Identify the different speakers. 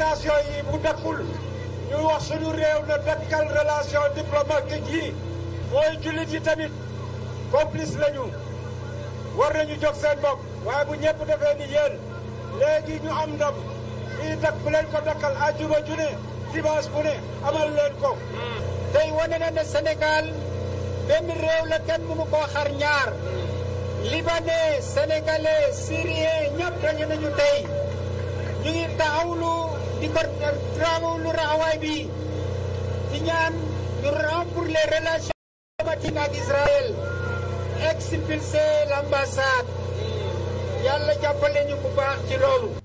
Speaker 1: station yi bu dëkkul ñu wax suñu réew na
Speaker 2: Sénégal benn réew la kenn mënu koo xar ñaar libanais syrien ñëpp dañu nañu tey ñu ngi taxawlu coordonne travaux Lura Hawaï bi di ñaan Lura pour les relations diplomatiques ak Israël expulser l'ambassade
Speaker 3: yàlla jàppale ñu bu baax ci loolu